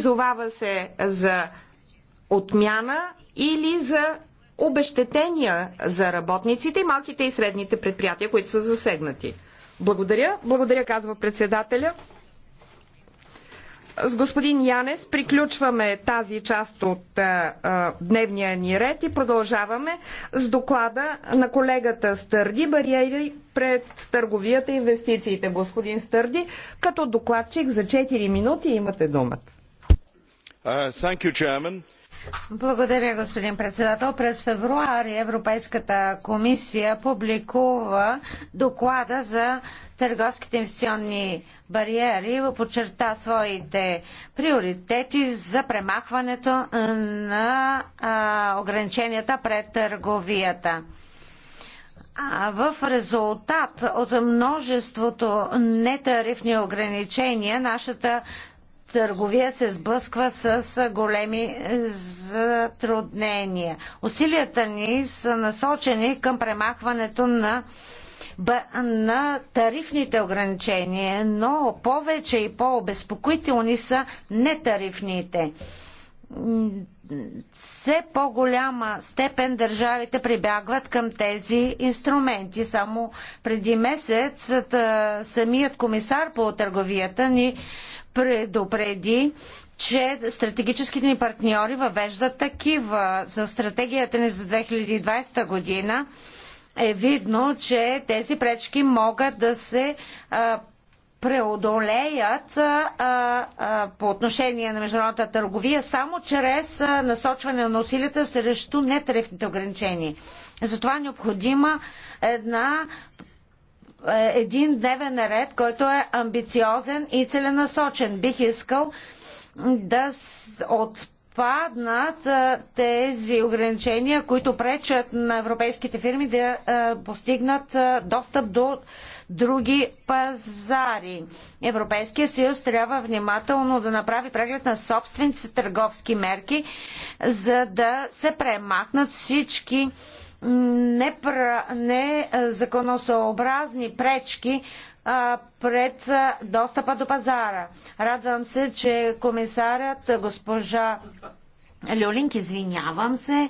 Призовава се за отмяна или за обещетения за работниците и малките и средните предприятия, които са засегнати. Благодаря. Благодаря, казва председателя. С господин Янес приключваме тази част от а, а, дневния ни ред и продължаваме с доклада на колегата Стърди бариери пред търговията и инвестициите. Господин Стърди, като докладчик за 4 минути имате думата. Uh, благодаря, господин председател. През февруари Европейската комисия публикува доклада за търговските инвестиционни бариери, подчерта своите приоритети за премахването на ограниченията пред търговията. в резултат от множеството нетарифни ограничения, нашата търговия се сблъсква с големи е, затруднения. Усилията ни са насочени към премахването на на тарифните ограничения, но повече и по-обезпокоителни са нетарифните все по-голяма степен държавите прибягват към тези инструменти. Само преди месец самият комисар по търговията ни предупреди, че стратегическите ни партньори въвеждат такива. За стратегията ни за 2020 година е видно, че тези пречки могат да се а, преодолеят а, а, по отношение на международната търговия само чрез а, насочване на усилията срещу нетарифните ограничения. Затова е необходима една е, един дневен ред, който е амбициозен и целенасочен. Бих искал да от отпаднат тези ограничения, които пречат на европейските фирми да постигнат достъп до други пазари. Европейския съюз трябва внимателно да направи преглед на собствените търговски мерки, за да се премахнат всички незаконосъобразни пречки пред достъпа до пазара. Радвам се, че комисарят госпожа Люлинг, извинявам се,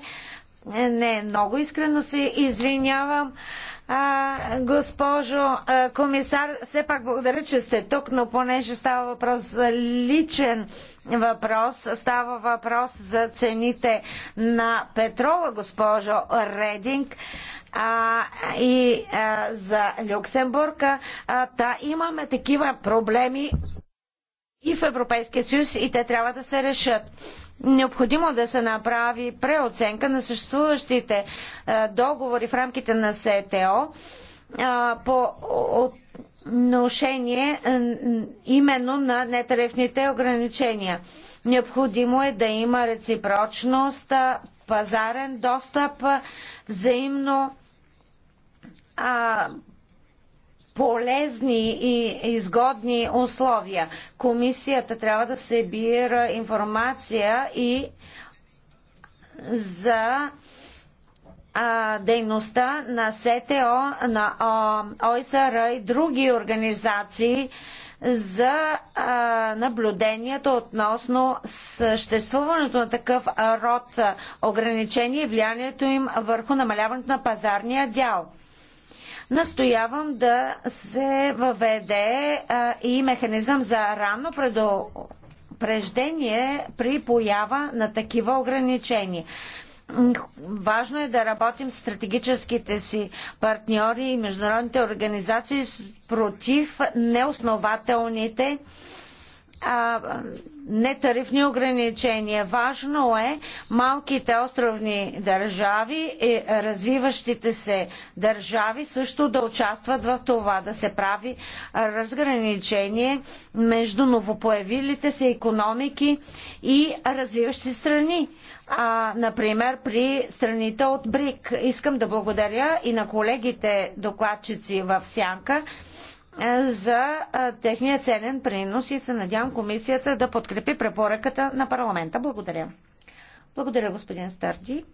е, не, много искрено се извинявам. А, госпожо а, комисар, все пак благодаря, че сте тук, но понеже става въпрос за личен въпрос, става въпрос за цените на петрола, госпожо Рединг. А, а, и а, за Люксембург. А, та имаме такива проблеми и в Европейския съюз и те трябва да се решат. Необходимо да се направи преоценка на съществуващите а, договори в рамките на СТО а, по отношение именно на нетарифните ограничения. Необходимо е да има реципрочност, пазарен достъп, взаимно а, полезни и изгодни условия. Комисията трябва да събира информация и за а, дейността на СТО, на ОСР и други организации за а, наблюдението относно съществуването на такъв род ограничения и влиянието им върху намаляването на пазарния дял настоявам да се въведе и механизъм за ранно предупреждение при поява на такива ограничения. Важно е да работим с стратегическите си партньори и международните организации против неоснователните а, нетарифни ограничения. Важно е малките островни държави и развиващите се държави също да участват в това, да се прави разграничение между новопоявилите се економики и развиващи страни. А, например, при страните от БРИК. Искам да благодаря и на колегите докладчици в Сянка е, за е, техния ценен принос и се надявам комисията да подкрепи препоръката на парламента. Благодаря. Благодаря, господин Старди.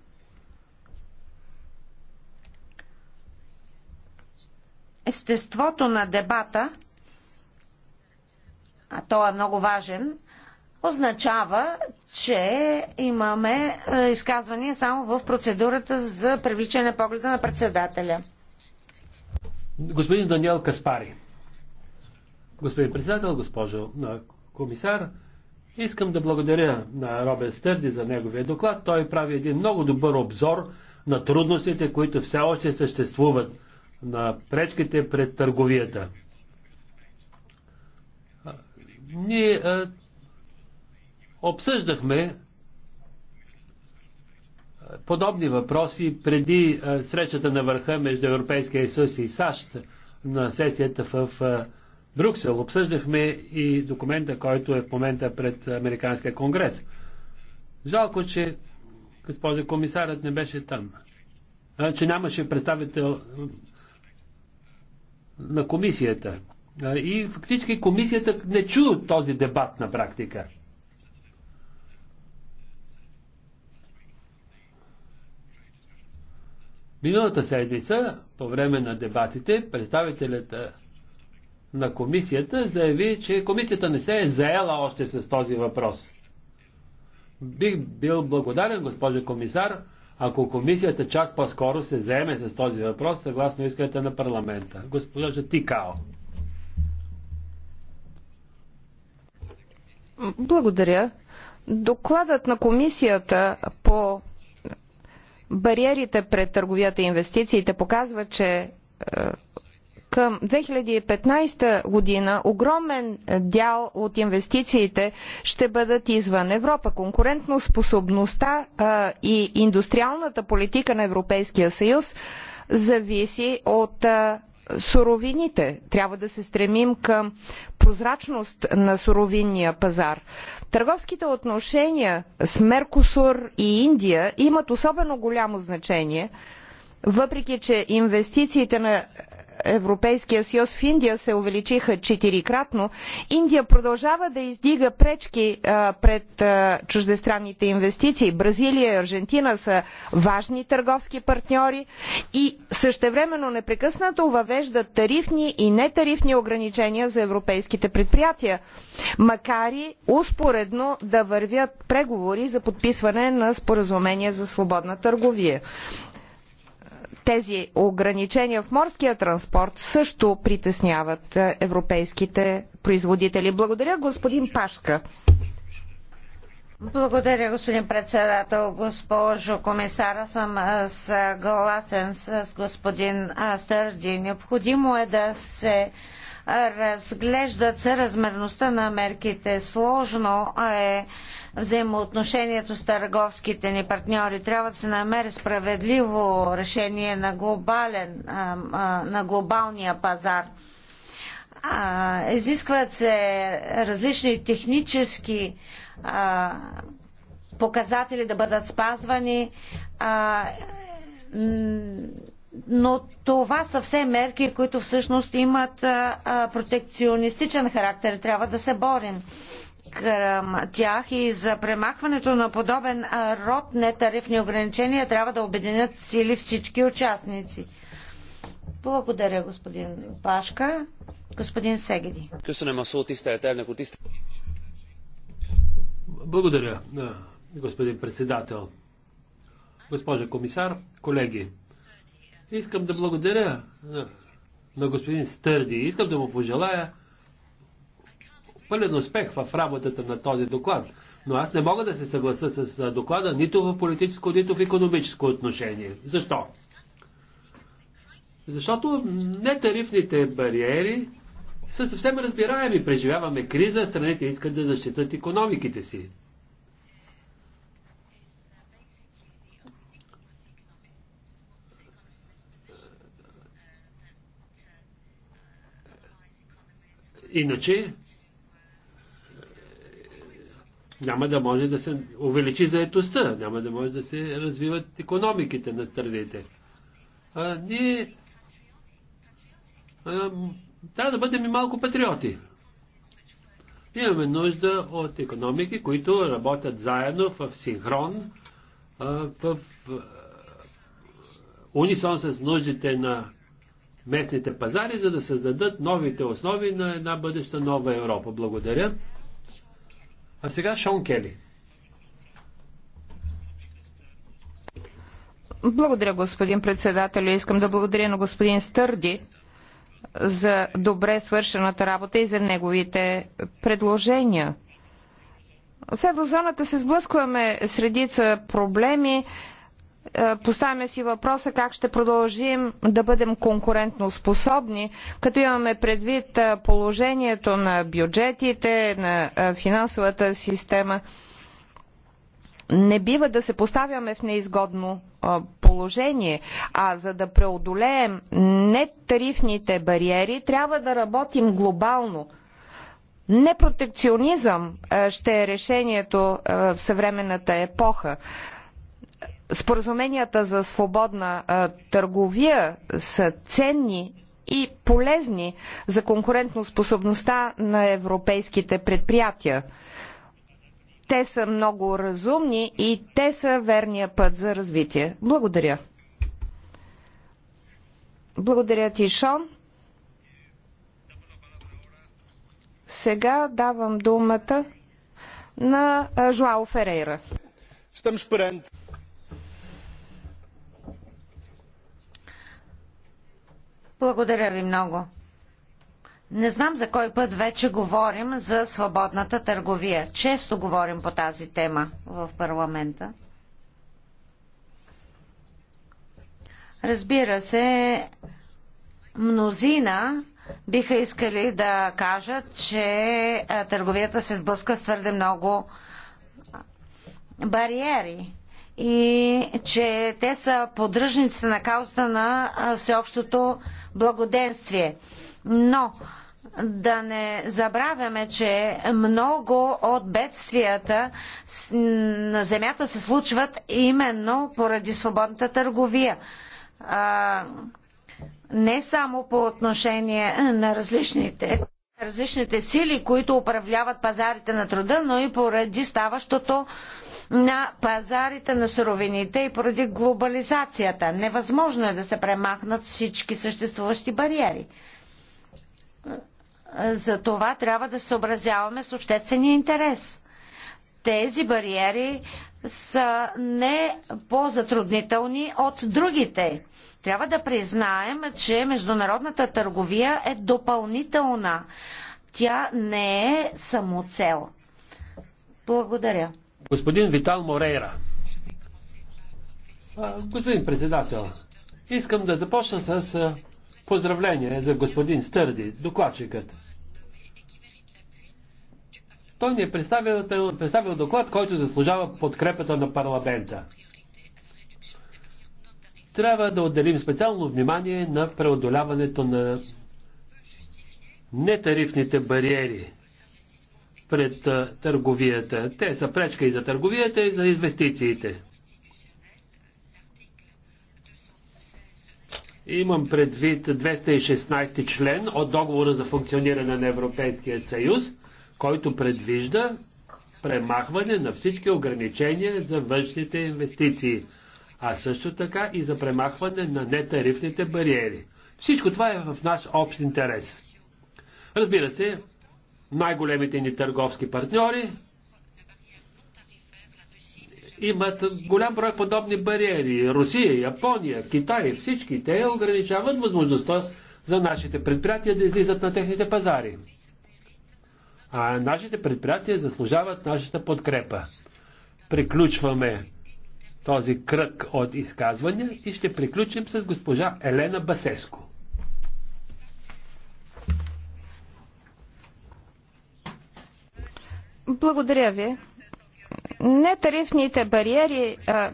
Естеството на дебата, а то е много важен, означава, че имаме е, изказвания само в процедурата за привичане на погледа на председателя. Господин Даниел Каспари. Господин председател, госпожо комисар, искам да благодаря на Робен Стърди за неговия доклад. Той прави един много добър обзор на трудностите, които все още съществуват на пречките пред търговията. Ние а, обсъждахме подобни въпроси преди а, срещата на върха между Европейския съюз и САЩ на сесията в а, Брюксел. Обсъждахме и документа, който е в момента пред Американския конгрес. Жалко, че госпожа комисарът не беше там. А, че нямаше представител на комисията. А, и фактически комисията не чу този дебат на практика. Миналата седмица, по време на дебатите, представителят на комисията заяви, че комисията не се е заела още с този въпрос. Бих бил благодарен, госпожо комисар, ако комисията част по-скоро се заеме с този въпрос, съгласно искането на парламента. Госпожа Тикао. Благодаря. Докладът на комисията по бариерите пред търговията и инвестициите показва, че е, към 2015 година огромен дял от инвестициите ще бъдат извън Европа. Конкурентно способността а, и индустриалната политика на Европейския съюз зависи от а, суровините. Трябва да се стремим към прозрачност на суровинния пазар. Търговските отношения с Меркосур и Индия имат особено голямо значение, въпреки че инвестициите на Европейския съюз в Индия се увеличиха четирикратно, Индия продължава да издига пречки пред чуждестранните инвестиции. Бразилия и Аржентина са важни търговски партньори и същевременно непрекъснато въвеждат тарифни и нетарифни ограничения за европейските предприятия, макар и успоредно да вървят преговори за подписване на споразумение за свободна търговия. Тези ограничения в морския транспорт също притесняват е, европейските производители. Благодаря, господин Пашка. Благодаря, господин председател. Госпожо комисара, съм е, съгласен с господин Стърди. Необходимо е да се разглеждат се размерността на мерките. Сложно е взаимоотношението с търговските ни партньори. Трябва да се намери справедливо решение на, глобален, на глобалния пазар. Изискват се различни технически показатели да бъдат спазвани но това са все мерки, които всъщност имат протекционистичен характер. Трябва да се борим към тях и за премахването на подобен род нетарифни ограничения трябва да обединят сили всички участници. Благодаря, господин Пашка. Господин Сегеди. Е Благодаря, господин председател. Госпожа комисар, колеги. Искам да благодаря на, на господин Стърди. Искам да му пожелая пълен успех в работата на този доклад. Но аз не мога да се съгласа с доклада нито в политическо, нито в економическо отношение. Защо? Защото нетарифните бариери са съвсем разбираеми. Преживяваме криза, страните искат да защитат економиките си. Иначе е, няма да може да се увеличи заетостта, няма да може да се развиват економиките на страните. А, ние а, трябва да бъдем и малко патриоти. Имаме нужда от економики, които работят заедно в синхрон, а, в унисон с нуждите на местните пазари, за да създадат новите основи на една бъдеща нова Европа. Благодаря. А сега Шон Кели. Благодаря, господин председател. Искам да благодаря на господин Стърди за добре свършената работа и за неговите предложения. В еврозоната се сблъскваме с редица проблеми, е, поставяме си въпроса как ще продължим да бъдем конкурентно способни, като имаме предвид е, положението на бюджетите, на е, финансовата система. Не бива да се поставяме в неизгодно положение, а за да преодолеем нетарифните бариери, трябва да работим глобално. Непротекционизъм ще е решението в съвременната епоха споразуменията за свободна търговия са ценни и полезни за конкурентоспособността на европейските предприятия. Те са много разумни и те са верния път за развитие. Благодаря. Благодаря ти, Шон. Сега давам думата на Жуао Ферейра. Estamos perante Благодаря ви много. Не знам за кой път вече говорим за свободната търговия. Често говорим по тази тема в парламента. Разбира се, мнозина биха искали да кажат, че търговията се сблъска с твърде много бариери и че те са поддръжници на каузата на всеобщото благоденствие. Но да не забравяме, че много от бедствията на Земята се случват именно поради свободната търговия. А, не само по отношение на различните различните сили, които управляват пазарите на труда, но и поради ставащото на пазарите на суровините и поради глобализацията. Невъзможно е да се премахнат всички съществуващи бариери. За това трябва да се съобразяваме с обществения интерес. Тези бариери са не по-затруднителни от другите. Трябва да признаем, че международната търговия е допълнителна. Тя не е самоцел. Благодаря. Господин Витал Морейра. Господин председател, искам да започна с поздравление за господин Стърди, докладчикът. Той ни е представил, представил доклад, който заслужава подкрепата на парламента. Трябва да отделим специално внимание на преодоляването на нетарифните бариери пред търговията. Те са пречка и за търговията, и за инвестициите. Имам предвид 216 член от договора за функциониране на Европейския съюз, който предвижда премахване на всички ограничения за външните инвестиции, а също така и за премахване на нетарифните бариери. Всичко това е в наш общ интерес. Разбира се, най-големите ни търговски партньори имат голям брой подобни бариери. Русия, Япония, Китай, всички те ограничават възможността за нашите предприятия да излизат на техните пазари. А нашите предприятия заслужават нашата подкрепа. Приключваме този кръг от изказвания и ще приключим с госпожа Елена Басеско. Благодаря ви. Нетарифните бариери а,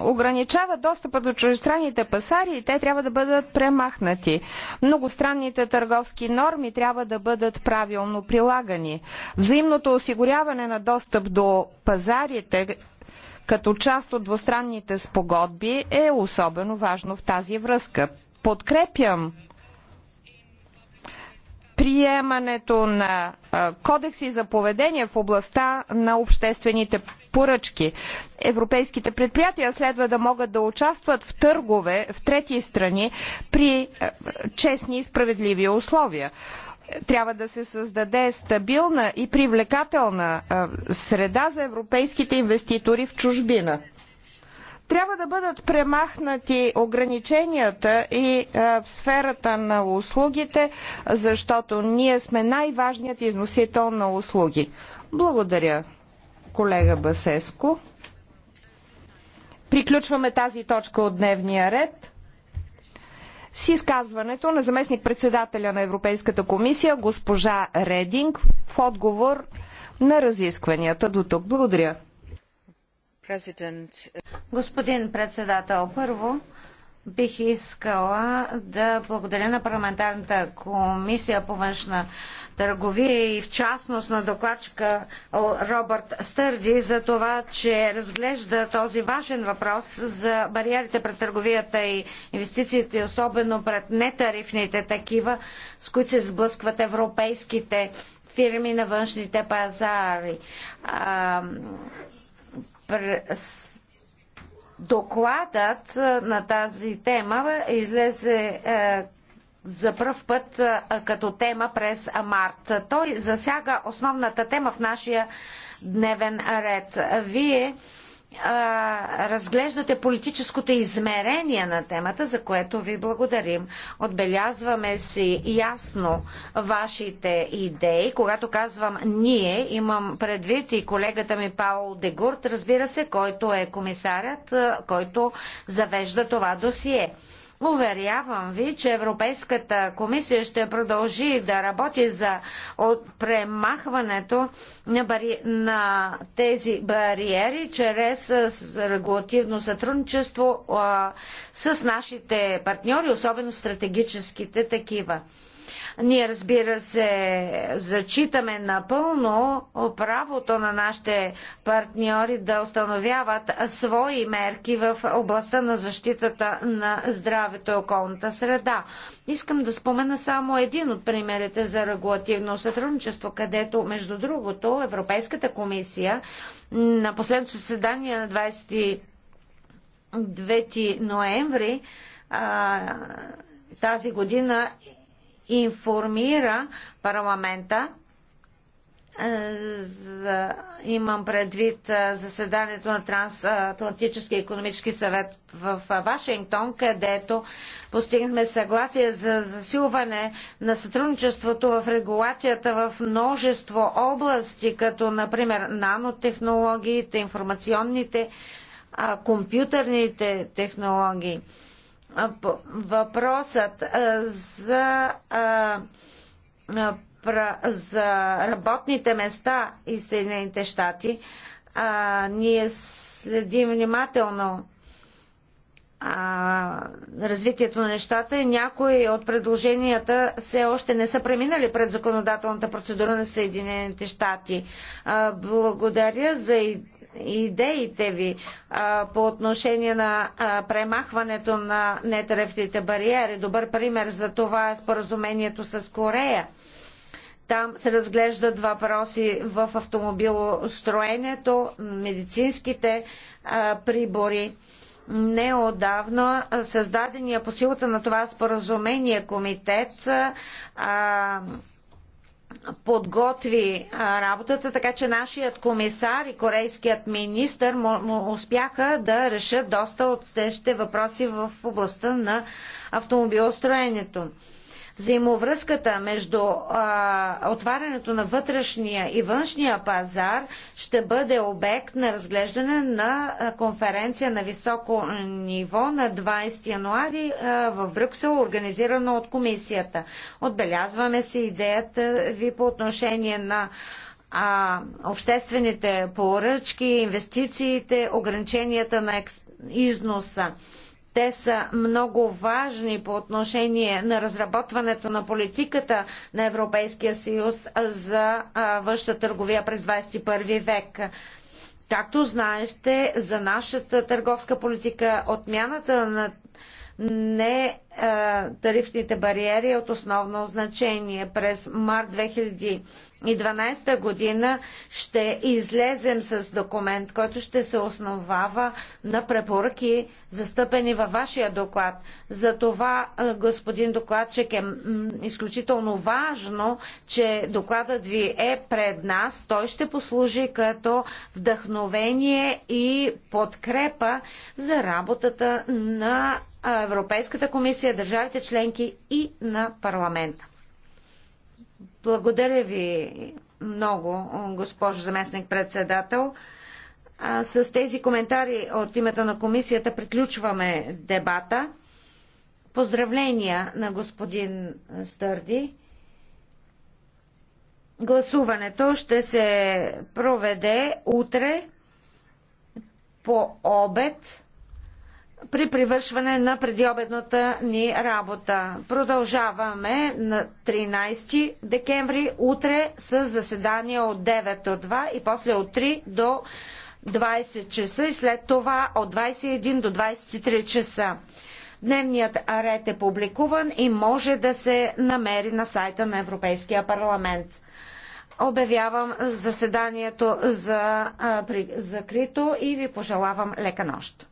ограничават достъпа до чужестранните пасари, и те трябва да бъдат премахнати. Многостранните търговски норми трябва да бъдат правилно прилагани. Взаимното осигуряване на достъп до пазарите като част от двустранните спогодби е особено важно в тази връзка. Подкрепям приемането на кодекси за поведение в областта на обществените поръчки. Европейските предприятия следва да могат да участват в търгове в трети страни при честни и справедливи условия. Трябва да се създаде стабилна и привлекателна среда за европейските инвеститори в чужбина. Трябва да бъдат премахнати ограниченията и в сферата на услугите, защото ние сме най-важният износител на услуги. Благодаря, колега Басеско. Приключваме тази точка от дневния ред с изказването на заместник-председателя на Европейската комисия госпожа Рединг в отговор на разискванията до тук. Благодаря. Господин председател, първо бих искала да благодаря на парламентарната комисия по външна търговия и в частност на докладчика Робърт Стърди за това, че разглежда този важен въпрос за бариерите пред търговията и инвестициите, особено пред нетарифните такива, с които се сблъскват европейските фирми на външните пазари. Докладът на тази тема излезе е, за първ път като тема през март. Той засяга основната тема в нашия дневен ред. Вие а, разглеждате политическото измерение на темата, за което ви благодарим. Отбелязваме си ясно вашите идеи. Когато казвам ние, имам предвид и колегата ми Паул Дегурт, разбира се, който е комисарят, който завежда това досие. Уверявам ви, че Европейската комисия ще продължи да работи за премахването на, бари... на тези бариери чрез регулативно сътрудничество а, с нашите партньори, особено стратегическите такива. Ние, разбира се, зачитаме напълно правото на нашите партньори да установяват свои мерки в областта на защитата на здравето и околната среда. Искам да спомена само един от примерите за регулативно сътрудничество, където, между другото, Европейската комисия на последното съседание на 29 ноември а, тази година информира парламента е, за, имам предвид е, заседанието на Трансатлантическия економически съвет в Вашингтон, където постигнахме съгласие за засилване на сътрудничеството в регулацията в множество области, като например нанотехнологиите, информационните, компютърните технологии въпросът за, за работните места и Съединените щати. Ние следим внимателно развитието на нещата и някои от предложенията все още не са преминали пред законодателната процедура на Съединените щати. благодаря за идеите ви а, по отношение на а, премахването на нетрефтите бариери. Добър пример за това е споразумението с Корея. Там се разглеждат въпроси в автомобилостроението, медицинските а, прибори. Неодавно създадения по силата на това споразумение комитет а, подготви работата, така че нашият комисар и корейският министр успяха да решат доста от тежките въпроси в областта на автомобилостроенето. Взаимовръзката между а, отварянето на вътрешния и външния пазар ще бъде обект на разглеждане на конференция на високо ниво на 20 януари в Брюксел, организирана от комисията. Отбелязваме си идеята ви по отношение на а, обществените поръчки, инвестициите, ограниченията на износа. Те са много важни по отношение на разработването на политиката на Европейския съюз за външна търговия през 21 век. Както знаете, за нашата търговска политика отмяната на не е, тарифните бариери е от основно значение. През март 2012 година ще излезем с документ, който ще се основава на препоръки, застъпени във вашия доклад. За това, е, господин докладчик, е изключително важно, че докладът ви е пред нас. Той ще послужи като вдъхновение и подкрепа за работата на Европейската комисия, държавите членки и на парламента. Благодаря ви много, госпожо заместник председател. С тези коментари от името на комисията приключваме дебата. Поздравления на господин Стърди. Гласуването ще се проведе утре по обед при привършване на предиобедната ни работа. Продължаваме на 13 декември утре с заседание от 9 до 2 и после от 3 до 20 часа и след това от 21 до 23 часа. Дневният ред е публикуван и може да се намери на сайта на Европейския парламент. Обявявам заседанието за а, при, закрито и ви пожелавам лека нощ.